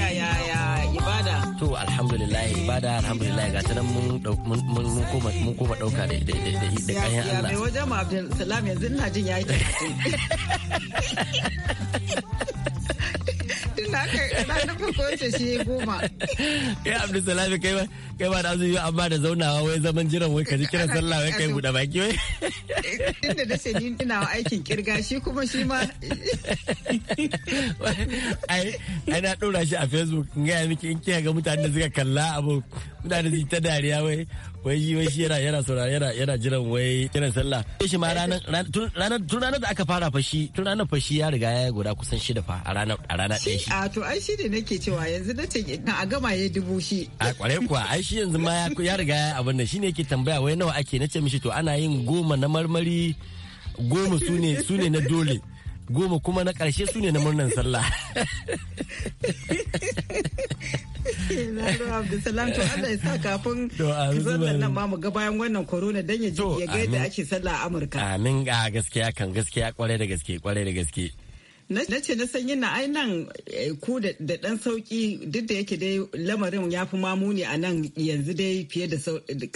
lafiya ya ya ibada to alhamdulillah ibada alhamdulillah ga ta nan mun mun mun koma mun koma dauka da da da da kayan Allah ya mai wajen Abdul Salam yanzu ina jin yayi tun na nufin kowace shi goma. Ya Abdul Salami kai ba kai ba da zuwa amma da zaunawa wai zaman jiran wai kaji kira sallah wai kai buɗe baki wai. Inda da nace ni ina aikin kirga shi kuma shi ma. Ai ai na ɗora shi a Facebook in gaya miki in kiyaye ga mutane da suka kalla abu mutane da ta dariya wai wai wai shi yana yana saurara yana yana jiran wai kiran sallah shi ma ranar tun ranar da aka fara fashi tun ranar fashi ya riga ya guda kusan shida fa a ranar a ranar ɗaya shi a to ai shi ne nake cewa yanzu na ce na a gama ya dubu shi a kware kuwa ai shi yanzu ma ya riga ya abin nan shine yake tambaya wai nawa ake nace mishi to ana yin goma na marmari goma sune sune na dole goma kuma na ƙarshe su ne na murnan sallah Abdulsalam to Allah ya sa kafin sallar nan ma mu ga bayan wannan corona dan ya ji ya ga yadda ake sallah a Amurka. Amin ga gaskiya kan gaskiya kwarai da gaske kwarai da gaske. na ce na san yana ai nan eh, ku da dan sauki duk da yake dai lamarin ya fi mamuni a nan yanzu dai fiye da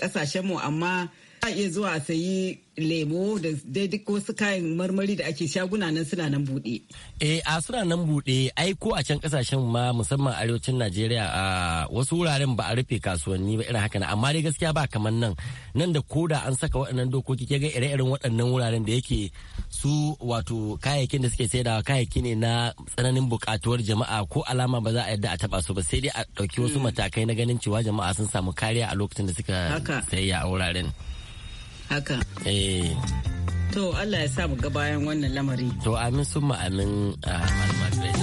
kasashen mu amma a iya zuwa a sayi lemo da daidai ko su kayan marmari da ake shaguna nan suna nan buɗe. Eh a suna nan buɗe ai ko a can kasashen ma musamman arewacin Najeriya a wasu wuraren ba a rufe kasuwanni ba irin haka na amma dai gaskiya ba kamar nan nan da koda an saka waɗannan dokoki ke ga ire-iren waɗannan wuraren da yake su wato kayayyakin da suke saidawa kayayyaki ne na tsananin buƙatuwar jama'a ko alama ba za a yadda a taba su ba sai dai a ɗauki wasu hmm. matakai na ganin cewa jama'a sun samu kariya a lokacin da suka sayayya a wuraren. haka eh to Allah ya sa mu ga bayan wannan lamari to amin sun amin a ah,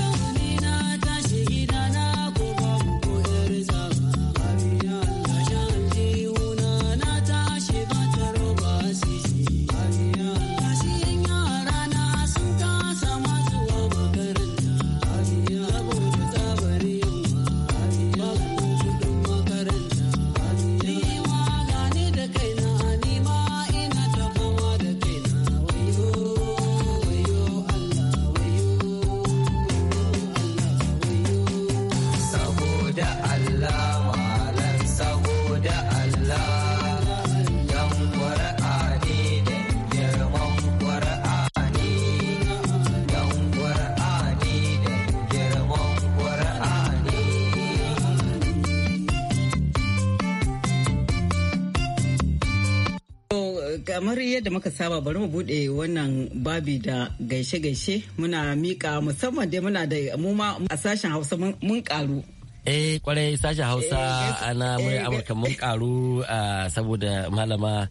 kamar yadda muka saba bari mu bude wannan babi da gaishe-gaishe muna mika musamman dai muna da muma a sashen hausa mun karu eh kwarai sashen hausa eh, ana mai eh, amurka mun karu eh, saboda malama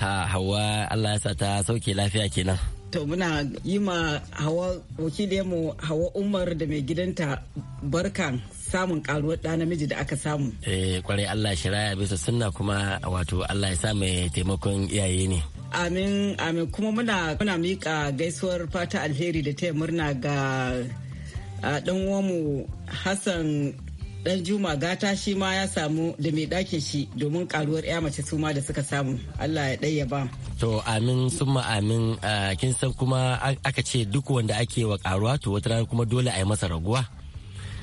hawa allah ya sa ta sauke lafiya kenan to muna yi ma hawa wakilinmu hawa umar da mai gidanta barkan samun karuwar da namiji da aka samu. Eh kwarai Allah shi raya bisa sunna kuma wato Allah ya sa mai taimakon iyaye ne. Amin amin kuma muna muna mika gaisuwar fata alheri da taya murna ga ɗan uwanmu Hassan dan juma gata shi ma ya samu da mai ɗakin shi domin karuwar ya mace suma da suka samu allah ya ɗaya ba to amin summa amin kin san kuma aka ce duk wanda ake wa karuwa to wata rana kuma dole a yi masa raguwa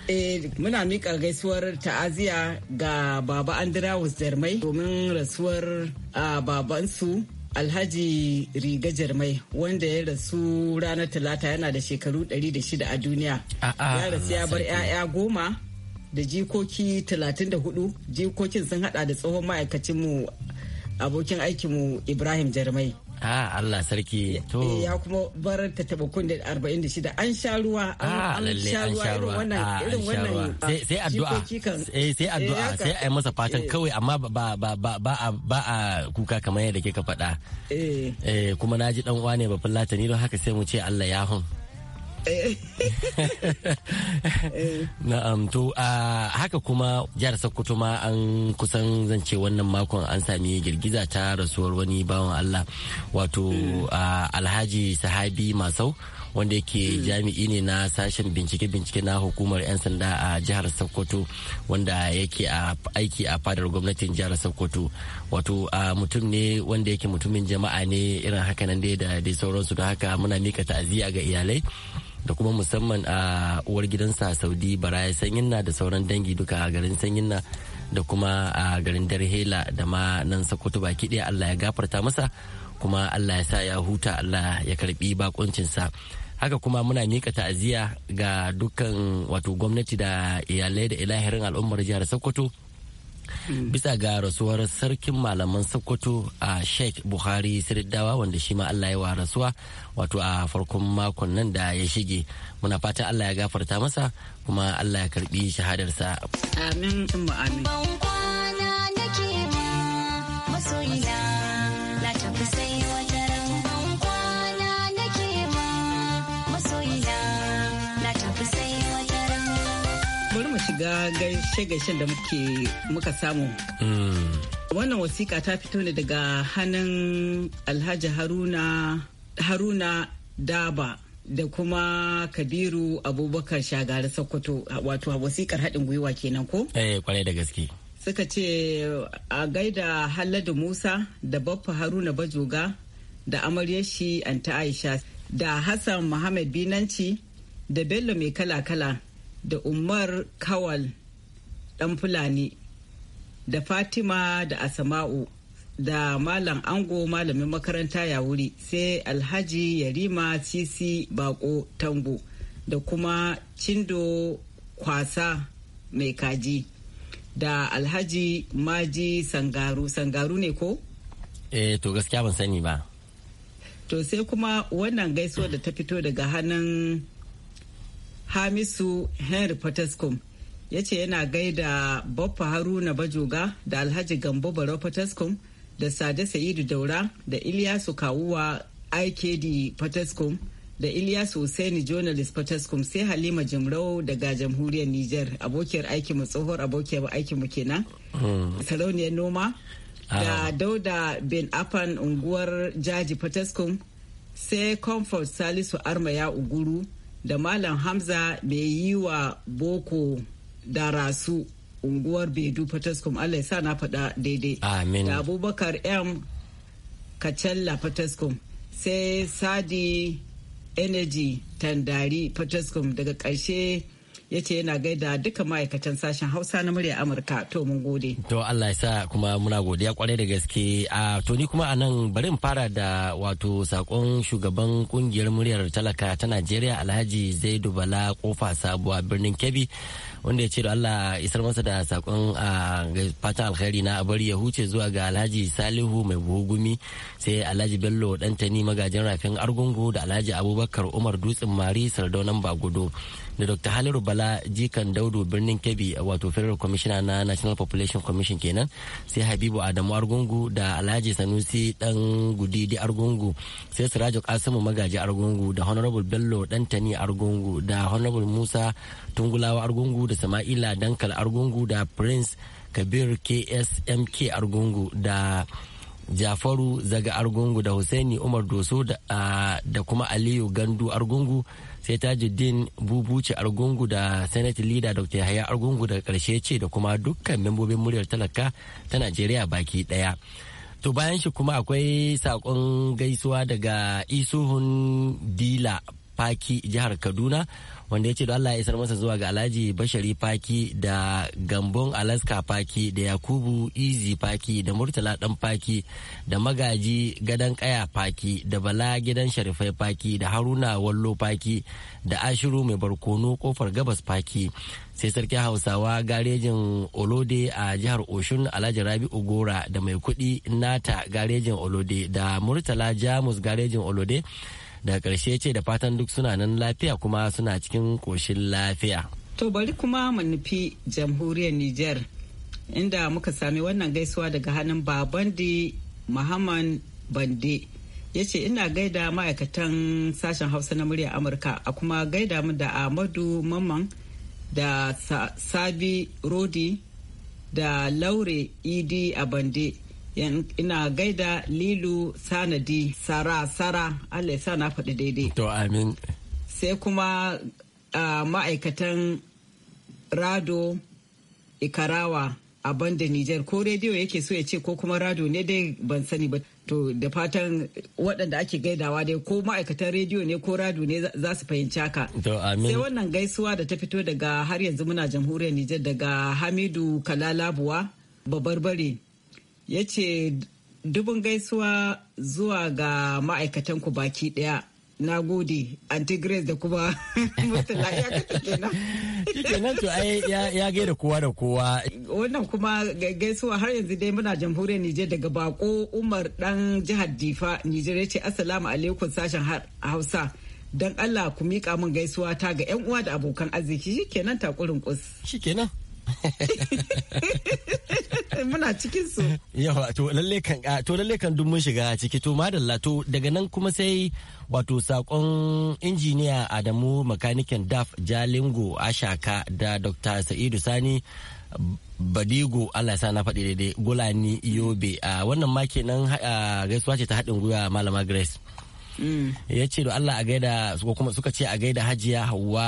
Eh, muna mika gaisuwar ta'aziya ga Baba Andrawus Jarmai domin rasuwar babansu Alhaji Riga Jarmai wanda ya rasu ranar Talata yana da shekaru 106 a duniya. Ya rasu ya bar 'ya'ya goma da jikoki 34 jikokin sun hada da tsohon ma'aikacinmu abokin aikinmu Ibrahim Jarmai. a ah, Allah sarki to ya kuma bar ta taba kunne 46 an sha ruwa an ah, sha ruwa irin wannan ah, irin wannan sai addu'a eh, sai addu'a eh, sai ai masa fatan eh. kawai amma ba ba ba ba a kuka kamar yadda kika faɗa eh kuma naji dan uwa ne ba fulata ni don haka sai mu ce Allah ya hun Eh. Na'am to haka kuma jihar Sokoto ma an kusan zance wannan makon an sami girgiza ta rasuwar wani bawan Allah wato mm. Alhaji Sahabi Masau wanda yake mm. jami'i ne na sashen bincike-bincike na hukumar 'yan sanda a jihar Sokoto wanda yake aiki a fadar gwamnatin jihar Sokoto wato mutum ne wanda yake mutumin jama'a ne irin haka nan dai da dai sauransu da haka muna mika ta'aziyya ga iyalai da kuma musamman a uwar gidansa saudi baraya na da sauran dangi duka a garin na da kuma a garin darhela da ma nan sokoto baki ɗaya allah ya gafarta masa kuma allah ya sa ya huta allah ya karbi bakoncinsa haka kuma muna mika ta'aziyya ga dukkan wato gwamnati da iyalai da ilahirin al'ummar jihar sokoto Mm. bisa ga rasuwar sarkin malaman sokoto a sheikh buhari siriddawa wanda shi ma allah ya wa rasuwa wato a farkon makon nan da ya shige muna fatan allah ya gafarta masa kuma allah ya karbi shahadarsa amin amin shiga gaishe-gaishen da muke muka samu. Wannan wasiƙa ta fito ne daga hannun Alhaji Haruna Haruna Daba da kuma Kabiru Abubakar Shagari Sokoto wato wasiƙar haɗin gwiwa kenan ko? Eh kwarai da gaske. Suka ce a gaida Halladu Musa da Baffa Haruna Bajoga da amaryar shi Anta Aisha da Hassan Muhammad Binanci da Bello mai kala-kala da umar kawal dan fulani da fatima da asama'u da malam ango malamin makaranta ya wuri sai alhaji yarima sisi bako tango da kuma cindo kwasa mai kaji da alhaji maji sangaru sangaru ne ko? eh to gaskiya ban sani ba to sai kuma wannan gaisuwa da ta fito daga hannun hamisu henry potescom ya ce yana gaida baffa haruna bajoga da alhaji gambo baro potescom da sade sa'idu daura da ilyasu kawuwa ikd potescom da Ilyasu Hussaini journalist Potescom sai Halima Jimrau daga jamhuriyar Nijar abokiyar mu tsohuwar abokiyar mu kenan. Hmm. Sarauniyar noma da ah. Dauda bin Afan unguwar Jaji Potescom sai Comfort Salisu Arma uguru da malam hamza mai yi wa boko darasu unguwar bedu fataskum allah ya sa na faɗa daidai Amin. da abubakar m kacalla fataskum sai sadi energy tandari fataskum daga ƙarshe ya ce yana gaida duka ma'aikatan sashen hausa na murya amurka to mun gode to allah ya sa kuma muna godiya kwarai da gaske a to ni kuma a nan bari fara da wato sakon shugaban kungiyar muryar talaka ta najeriya alhaji zaidu bala kofa sabuwa birnin kebbi wanda ya ce da allah isar masa da sakon fatan alkhairi na bari ya huce zuwa ga alhaji salihu mai buhugumi sai alhaji bello dantani magajin rafin argungu da alhaji abubakar umar dutsen mari sardaunan bagudo da dr haliru bala jikan daudu birnin kebbi wato federal commissioner na national population commission kenan sai habibu adamu argungu da alhaji sanusi dan gudidi argungu sai sirajo kasimu magaji argungu da honorable bello dantani argungu da honorable musa tungulawa argungu da sama'ila dankal argungu da prince kabir ksmk argungu da jafaru zaga argungu da husaini umar doso ah, da kuma aliyu gandu argungu sai tajuddin bubuce argungu da senate leader dr yahaya argungu da karshe ce da kuma dukkan membobin muryar talaka ta najeriya baki daya to bayan shi kuma akwai sakon gaisuwa daga isuhun dila faki jihar kaduna wanda ya ce Allah ya isar masa zuwa ga Alhaji Bashari Faki da Gambon Alaska Faki da Yakubu Izi Faki da Murtala Dan Faki da Magaji Gadan Kaya Faki da Bala Gidan Sharifai Faki da Haruna Wallo Faki da Ashiru Mai Barkono Kofar Gabas Faki sai sarki hausawa garejin olode a jihar oshun alhaji rabi'u gora da mai kudi nata garejin olode da murtala jamus garejin olode daga ƙarshe ce da fatan duk suna nan lafiya kuma suna cikin ƙoshin lafiya to bari kuma mu nufi jamhuriyar nijar inda muka sami wannan gaisuwa daga hannun babandi muhammad bande ya ce ina gaida ma'aikatan sashen hausa na murya amurka a kuma gaida mu da amadu mamman da sabi rodi da laure idi a bande ina gaida lilu sanadi sara sara allah sa na faɗi daidai to amin sai kuma uh, ma'aikatan rado ikarawa a banda nijar ko rediyo yake so ya ce ko kuma rado ne dai ban sani ba to da fatan waɗanda ake gaidawa dai ko ma'aikatan rediyo ne ko rado ne za su fahimci haka sai wannan gaisuwa da ta fito daga har yanzu muna jamhuriyar nijar daga hamidu kalalabuwa babarbare ya ce dubin gaisuwa zuwa ga ma'aikatanku baki daya na gode anti grace da kuma ya kake kenan to ai kowa da kowa wannan kuma gaisuwa har yanzu dai muna jamhuriyar nijar daga bako umar dan jihar difa nijar ya ce assalamu alaikum sashen hausa don allah ku miƙa min gaisuwa ta ga yan uwa da abokan arziki shikenan takurin kus shikenan muna cikin su yawa to lalle kan to lalle kan duk mun shiga ciki to madalla to daga nan kuma sai wato sakon injiniya Adamu makanikin DAF Jalingo Ashaka da Dr. Sa'idu Sani Badigo Allah sa na faɗi daidai Gulani Yobe a wannan ma kenan gaisuwa ce ta haɗin gwiwa Malama Grace mm. ya ce da Allah a gaida ko kuma suka ce a gaida Hajiya Hauwa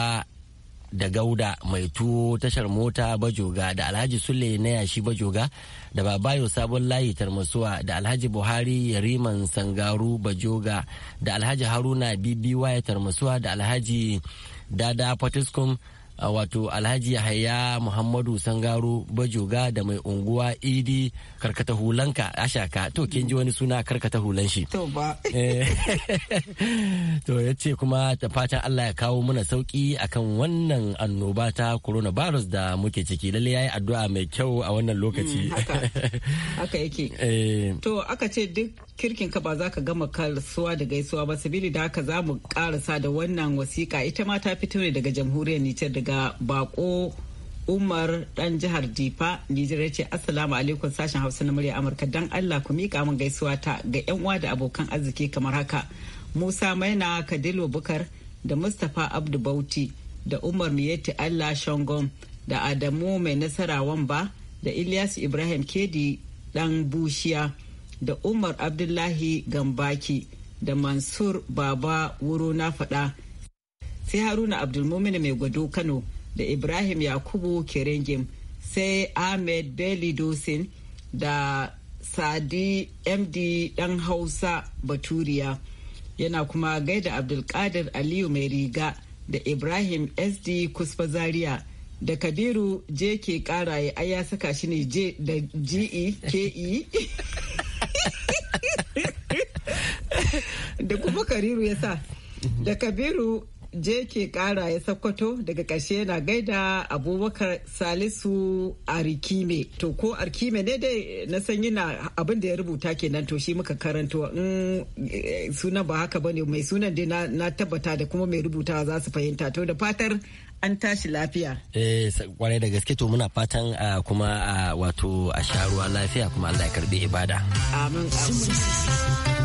da gauda mai tuwo tashar mota bajoga da alhaji sule na yashi bajoga da babayo sabon layi tarmasuwa da alhaji buhari yariman sangaru bajoga da alhaji haruna bibiwa ya tarmasuwa da alhaji dada fatiskum wato alhaji yahaya muhammadu sangaro bajoga da mai unguwa idi karkata hulanka ashaka to kin ji wani suna karkata hulan shi to ba eh. to ya ce kuma ta fatan allah ya kawo mana sauki akan wannan annoba ta coronavirus da muke ciki lalle yi addu'a mai kyau a wannan lokaci mm, haka yake eh. to aka ce duk kirkin ka ba za ka gama karsuwa da gaisuwa ba sabili da haka za mu karasa da wannan wasiƙa ita ma ta fito ne daga jamhuriyar nijar daga bako umar dan jihar difa nijar ya ce assalamu alaikum sashen hausa na murya amurka dan allah ku miƙa min gaisuwa ta ga yan uwa da abokan arziki kamar haka musa maina kadilo bukar da mustapha abdu bauti da umar miyeti allah shangon da adamu mai nasara wamba da ilyas ibrahim kedi dan bushiya da umar abdullahi gambaki da mansur baba wuro na fada sai haruna abdulmumin mai gwado kano da ibrahim yakubu kerengim sai ahmed bello dosin da sadi md dan hausa baturiya yana kuma gaida abdulkadir aliyu mai riga da ibrahim sd kusfa zaria da kabiru je ke karaye ai ya saka shi ne j da ge ke da kuma kariru ya sa da kabiru je ke kara ya sakwato daga ƙarshe yana gaida abubakar salisu Arikime, to ko arkime ne dai na san yana abin da ya rubuta kenan to shi muka karanto in eh, sunan ba haka bane mai sunan dai na tabbata da kuma mai rubutawa za su fahimta to da fatar an tashi lafiya. Eh kwarai da gaske to muna fatan kuma wato a sha ruwa lafiya kuma Allah ya karbi ibada. Amin.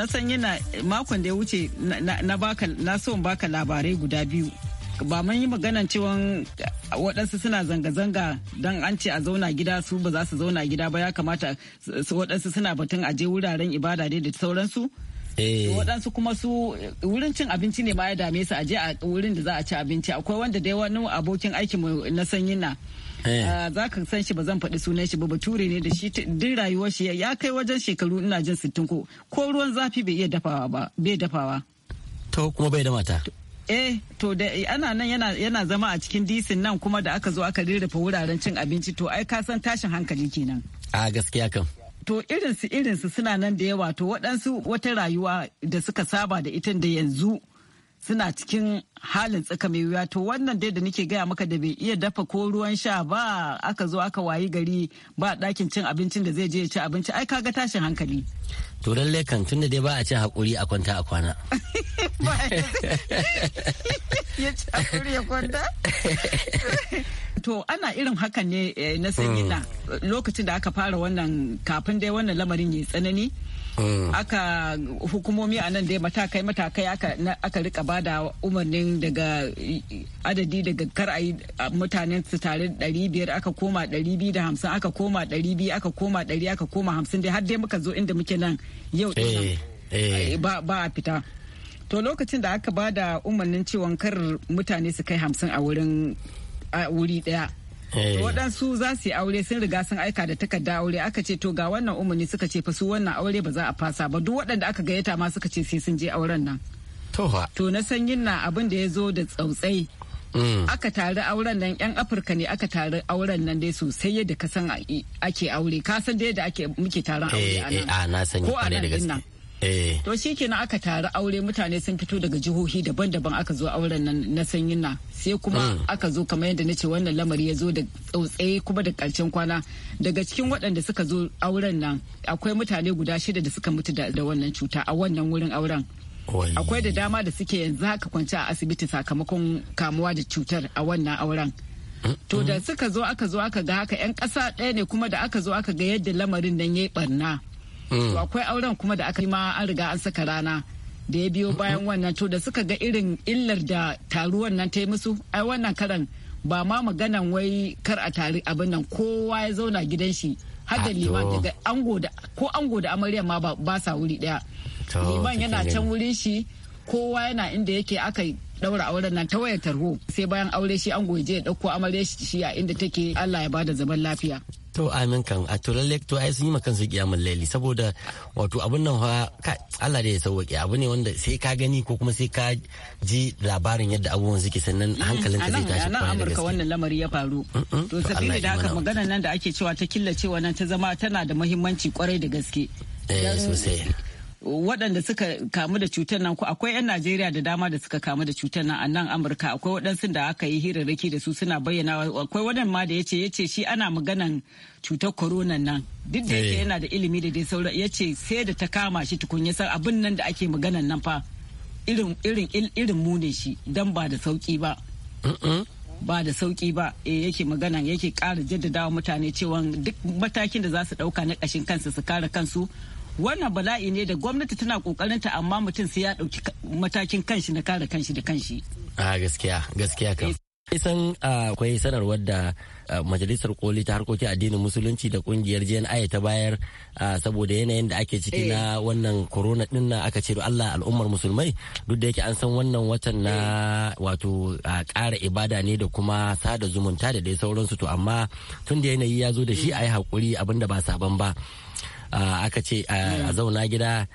na san yana makon da ya wuce na so baka labarai guda biyu ba mun yi maganan cewa waɗansu suna zanga-zanga don an ce a zauna gida su ba za su zauna gida ba ya kamata waɗansu suna batun aje wuraren ibada dai da sauransu Eh. waɗansu kuma su wurin cin abinci ne ma ya dame su a a wurin da za a ci abinci akwai wanda dai wani abokin mu na sanyi na eh. ah, za ka san shi ba zan faɗi sunan shi ba bature ne da shi duk rayuwar shi ya kai wajen shekaru ina jin sittin ko ko ruwan zafi bai iya dafawa ba bai dafawa to kuma bai da mata eh to da ana nan yana zama a cikin disin nan kuma da aka zo aka rirrafa wuraren cin abinci to ai ka san tashin hankali kenan a gaskiya kan. to irinsu irinsu suna nan da yawa to waɗansu wata rayuwa da suka saba da ita da yanzu suna cikin halin tsaka mai wuya to wannan dai da nake gaya maka da bai iya dafa ko ruwan sha ba aka zo aka wayi gari ba dakin cin abincin da zai je ya ci abinci ai kaga tashin hankali to lallai kan tunda dai ba a cin hakuri a kwanta a kwana ya ci hakuri ya kwanta to ana irin hakan ne eh, na sanyi hmm. na lokacin da aka fara wannan kafin dai wannan lamarin ya tsanani aka hukumomi a nan dai matakai matakai aka rika bada umarnin daga adadi daga kar a yi mutanen su tare ɗari biyar aka koma ɗari da hamsin aka koma ɗari biyu aka koma ɗari aka koma hamsin dai har dai muka zo inda muke nan yau eh, eh. ba a fita to lokacin da aka bada umarnin cewa kar mutane su kai hamsin a wurin wuri daya Eh. waɗansu za su yi aure sun riga sun aika da takarda aure aka ce to ga wannan umarni suka ce fa su wannan aure ba za a fasa ba duk waɗanda aka gayyata ma suka ce sai sun je auren nan to na sanyin na abin da ya zo da tsautsai mm. aka tari auren nan yan afirka ne aka tari auren nan dai sosai yadda ka san ake aure ka san da yadda ake muke taron aure eh, a eh, nan ko a nan Eh. To shi kenan aka taru aure mutane sun fito daga jihohi daban-daban aka zo auren nan na sanyin na sai kuma hmm. aka zo kamar yadda na ce wannan lamari ya zo da tsautsaye kuma da karshen kwana daga cikin waɗanda suka zo auren nan akwai mutane guda shida da suka mutu da wannan cuta a wannan wurin auren. Akwai da dama da suke yanzu haka kwanci a asibiti sakamakon kamuwa da cutar a wannan auren. Hmm. To da suka zo aka zo aka ga haka 'yan ƙasa ɗaya ne kuma da aka zo aka ga yadda lamarin nan ya yi ɓarna. Mm. akwai auren kuma da aka yi ma an riga an saka rana da ya biyo bayan wannan to da suka ga irin illar da taruwan nan ta yi musu ai wannan karan ba ma maganan wai kar a tari abin nan kowa ya zauna gidan shi har da ah, liman daga ango da ko ango da amarya ma ba sa wuri daya liman yana can wurin shi kowa yana inda yake aka daura auren nan ta wayar tarho sai bayan aure shi ango ya je ya dauko amarya shi a inda take Allah ya bada zaman lafiya to amin kan a to lalle to ai sun yi makan su kiyamul laili saboda wato abun nan fa Allah da ya sauke abu ne wanda sai ka gani ko kuma sai ka ji labarin yadda abubuwan suke sannan hankalin ka zai tashi kwana da gaske wannan lamari ya faru to sabili da haka maganar nan da ake cewa ta killacewa nan ta zama tana da muhimmanci kwarai da gaske eh sosai waɗanda suka kamu da cutar nan ko akwai 'yan Najeriya da dama da suka kamu da cutar nan a nan Amurka akwai waɗansu da aka yi hirarraki da su suna bayyana akwai waɗan ma da yace yace shi ana maganan cutar corona nan duk da yake eh. yana da ilimi da dai sauran yace sai da ta kama shi tukun ya san abin nan da ake maganan nan fa irin irin irin mu ne shi dan ba da sauki ba ba da sauki ba eh yake magana yake kara jaddadawa mutane cewa duk matakin da za su ɗauka na ƙashin kansu su kare kansu wannan bala'i ne da gwamnati tana kokarinta amma mutum sai ya dauki matakin kanshi na kare kanshi da kanshi a gaskiya gaskiya kan isan ah, akwai sanarwar da ah, majalisar koli ta harkokin addinin musulunci da kungiyar jni ta bayar ah, saboda yanayin da ake ciki na eh. wannan corona din na aka ce allah al'ummar musulmai duk da yake an san wannan watan na eh. wato kara ibada ne da kuma sada zumunta da dai sauransu to amma tun da yanayi ya zo da shi a yi haƙuri abinda ba sabon ba aka ce a zauna gida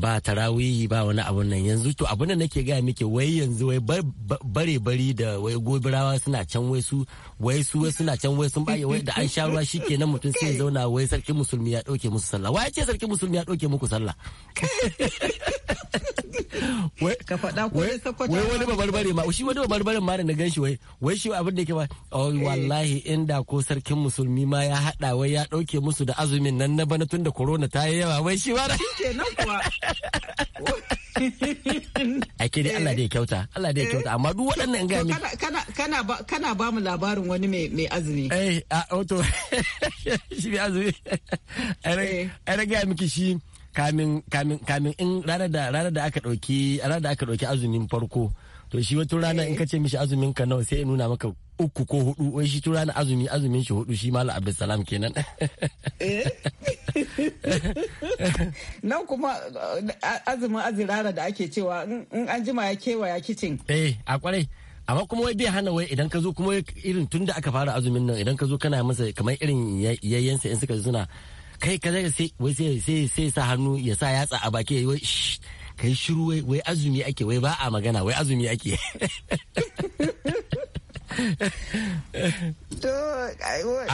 ba tarawihi ba wani abun nan yanzu to abun nan nake gaya miki wai yanzu wai bare bari da wai gobirawa suna can wai su wai su wai suna can wai sun baye wai da an sha ruwa shikenan mutum sai ya zauna wai sarki musulmi ya dauke musu sallah wai ce sarki musulmi ya dauke muku sallah ka faɗa ko da sakwata wai wani babarbare ma shi wani babarbare ma da na shi wai wai shi abin da yake ba oh, eh. wallahi inda ko sarkin musulmi ma ya hada wai ya dauke musu da azumin nan na bana tun da corona ta yi yawa wai shi ma da kenan kuwa ake dai Allah dai kyauta Allah dai kyauta amma duk waɗannan ga mi kana kana kana ba mu labarin wani mai mai azumi eh a oh, to shi mai azumi ai eh. ai ga miki shi kamin kamin kamin in ranar da ranar da aka dauki ranar da aka dauki azumin farko to shi wata rana in ka ce mishi azumin ka nawa sai ya nuna maka uku ko hudu wai shi tura na azumi azumin shi hudu shi malam abdulsalam kenan eh. nan kuma eh, azumin azirara da ake cewa in an jima ya kewaya kicin eh a kwarai amma kuma wai bai hana wai idan ka zo kuma irin tun da aka fara azumin nan idan ka zo kana masa kamar irin yayyansa in suka suna kai ka zai sai wai sai sai sai sa hannu ya sa yatsa a baki wai kai shiru wai wai azumi ake wai ba a magana wai azumi ake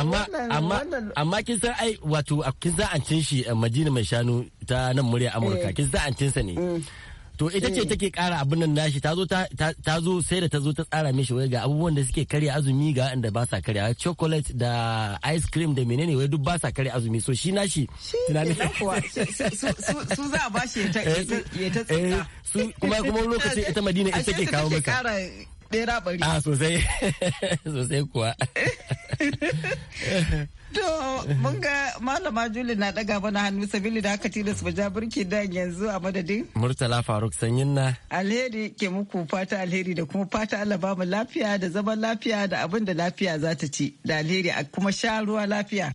amma amma amma kin san ai wato kin san an cin shi eh, Madina mai shanu ta nan murya Amurka eh. kin san an cin sa ne mm. to ita ce take kara abin nan nashi ta zo ta zo sai da ta zo ta tsara mishi wai ga abubuwan da suke karya azumi ga inda ba sa karya chocolate da ice cream da menene wai duk ba sa karya azumi so shi nashi tunanin su za a bashi ya ta eh, eh, su kuma kuma lokaci ita madina ita take kawo maka a ah, sosai sosai kuwa To mun ga malama Juli na daga mana hannu sabili da aka tilas mu ja burki da yanzu a madadin. Murtala Faruk sanyin na. Alheri ke muku fata alheri da kuma fata Allah ba mu lafiya da zaman lafiya da abin da lafiya za ta ci da alheri a kuma sha ruwa lafiya.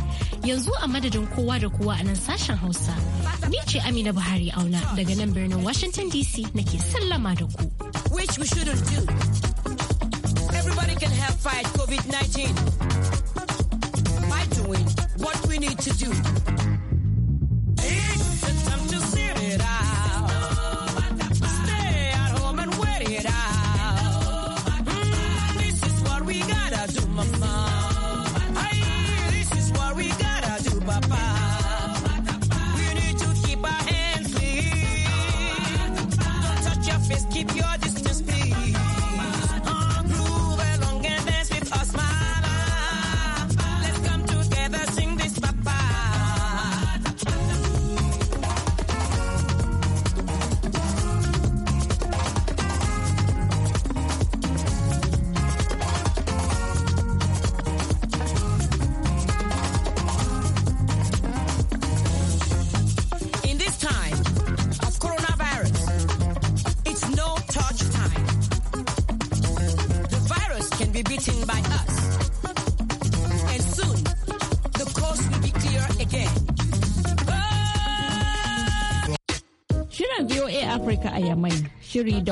yanzu a madadin kowa da kowa a nan sashen Hausa. Ni ce Amina Buhari Auna daga nan birnin Washington DC nake sallama da ku. Which we shouldn't do. Everybody can help fight COVID-19 by doing what we need to do. It's time to it out. Stay at home and wait it out. Mm, this is what we gotta do, mama keep your Don't